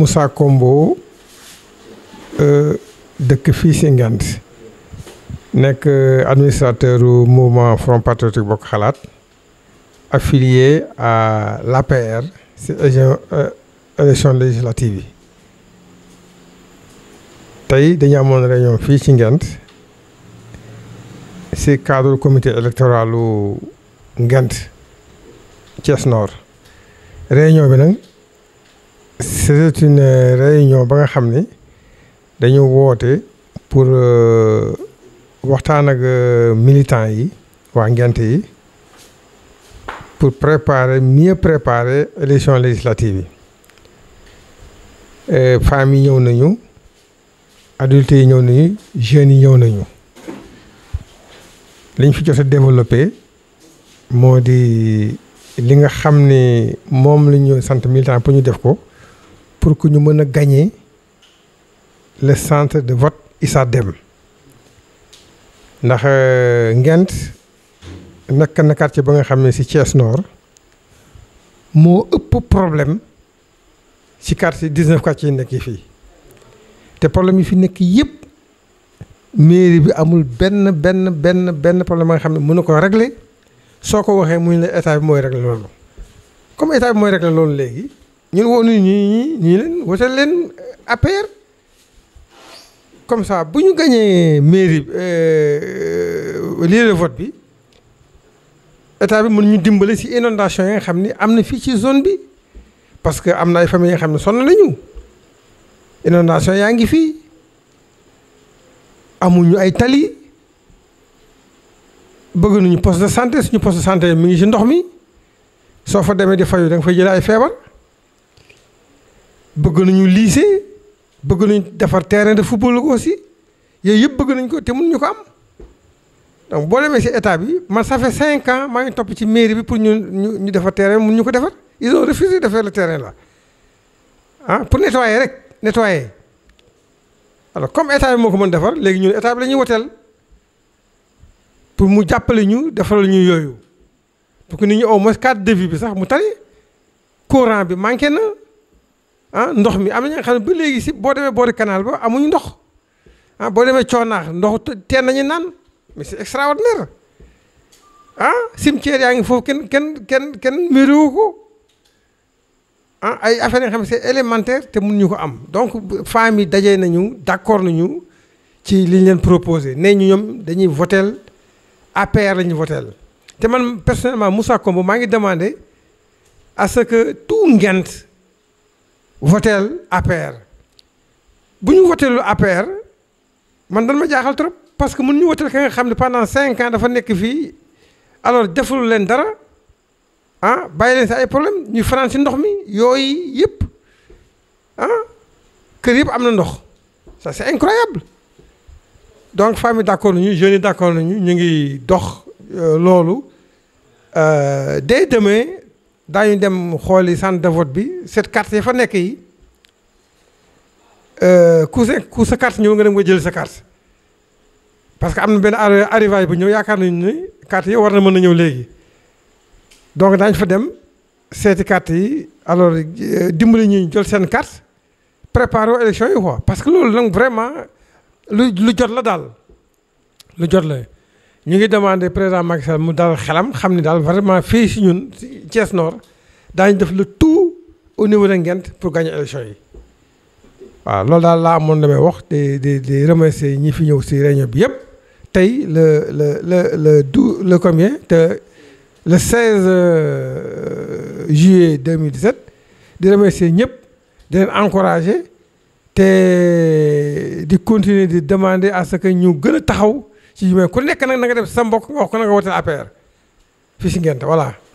Moussa Kombo euh, dëkk fii si Ngent nekk euh, administrateur mouvement Front Patriotique Bokk Xalaat affilié à l'APR si euh, élection législative yi tey dañu amoon réunion fii ci Ngent si cadre comité électoral u Ngent Thiès Nord réunion bi nag c'est une euh, réunion ba nga xam ni dañu woote pour euh, waxtaan ak euh, militants yi waa ngent yi pour préparer mieux préparer élection législative yi femmes yi ñëw nañu adultes yi ñëw nañu jeunes yi ñëw nañu liñ fi jot a développé moo di li nga xam ni moom la ñu sant militant pour ñu def ko pour que ñu mën a gagner le centre de vote Issa Deme ndax Ngent euh, nekk na quartier ba nga xam ne ci Thiès Nord moo ëpp problème ci quartier dix-neuf quartier yi nekk yi fii te problème yi fi nekk yëpp mairie bi amul benn benn benn benn problème ba nga xam ne mën na ko régler soo ko waxee mu ne état bi mooy régler loolu comme état mooy régler loolu léegi ñun woo nañu ñii ñii leen woteel leen APR comme ça bu ñu gañee mairie euh, lii le vote bi état bi mën ñu dimbale si inondation yi nga xam ni am na fii ci zone bi parce que am na ay famille yi nga xam ne sonn nañu inondation yaa ngi fii amuñu ay tali bëgg nañu poste de santé suñu poste de santé mi ngi ci ndox mi soo fa demee di fayu da nga fay ay feebar. bëgg nañu lycée bëgg nañ defar terrain de football aussi yooyu yëpp bëgg nañ ko te mun ñu ko am donc boo demee si état bi man ça fait cinq ans maa ngi topp ci mairie bi pour ñu ñu ñu defar terrain mënuñu ko defar ils ont refusé de faire ah pour nettoyer rek nettoyer alors comme état bi moo ko mën defar léegi ñun état bi la ñuy woteel pour mu jàppale ñu defaral ñu yooyu pour que nit ñu au moins cadre de bi sax mu tari courant bi manqué na. ah ndox mi am na nga xam ne ba léegi si boo demee boori kanaal ba amuñu ndox ah boo demee coonaax ndoxu teen nañu naan mais c'est extraordinaire ah cimetière yaa ngi foofu kenn kenn kenn kenn mériwu ko ah ay affaire nga xam ne c'est te mun ko am donc femmes yi dajee nañu d'accord nañu ci li leen proposé nee ñu ñoom dañuy votel APR la ñuy votel te man personnellement Moussa Kombo maa ngi demandé à que tout ngent voteel APR bu ñu voteelu apper man dan ma jaaxal trop parce que mën ñu voteel ka nga xam ne pendant cinq ans dafa nekk fii alors defalu leen dara ah bàyyi leen si ay problème ñu fanaan si ndox mi yooyu yëpp ah kër yëpp am na ndox ça c'est incroyable donc famille d'accord nañu jeunes yi d'accord nañu ñu ngi dox euh, loolu euh, dès demain daañu dem xooli centre de vote bi cette carte yi fa nekk yi euh, ku sa sa carte ñëw nga dem nga jël sa carte parce que am na benn arrivage bi ñëw yaakaar nañu ne carte yi war na mën na ñëw léegi donc daañu fa dem seeti carte yi alors euh, dimbali ñuy jël seen carte préparer wu élection yi quoi parce que loolu nag vraiment lu lu jot la daal lu jot la. ñu ngi demandé président Macky Sall mu daal xelam xam ni daal vraiment fii si ñun Thiès Nord daañu def le tout au niveau de Ngent pour gagner élection yi waaw loolu daal laa amoon damay wax di di di remercier ñi fi ñëw si réunion bi yëpp tey le le le le dou le combien te le 16 euh, juillet 2017 di remercier ñëpp di leen encourager te di continuer di demander à que ñu gën a taxaw. ci jubóo ku nekk nag na nga def sa mbokk nga wax ko na nga wooteel fii si ngente voilà.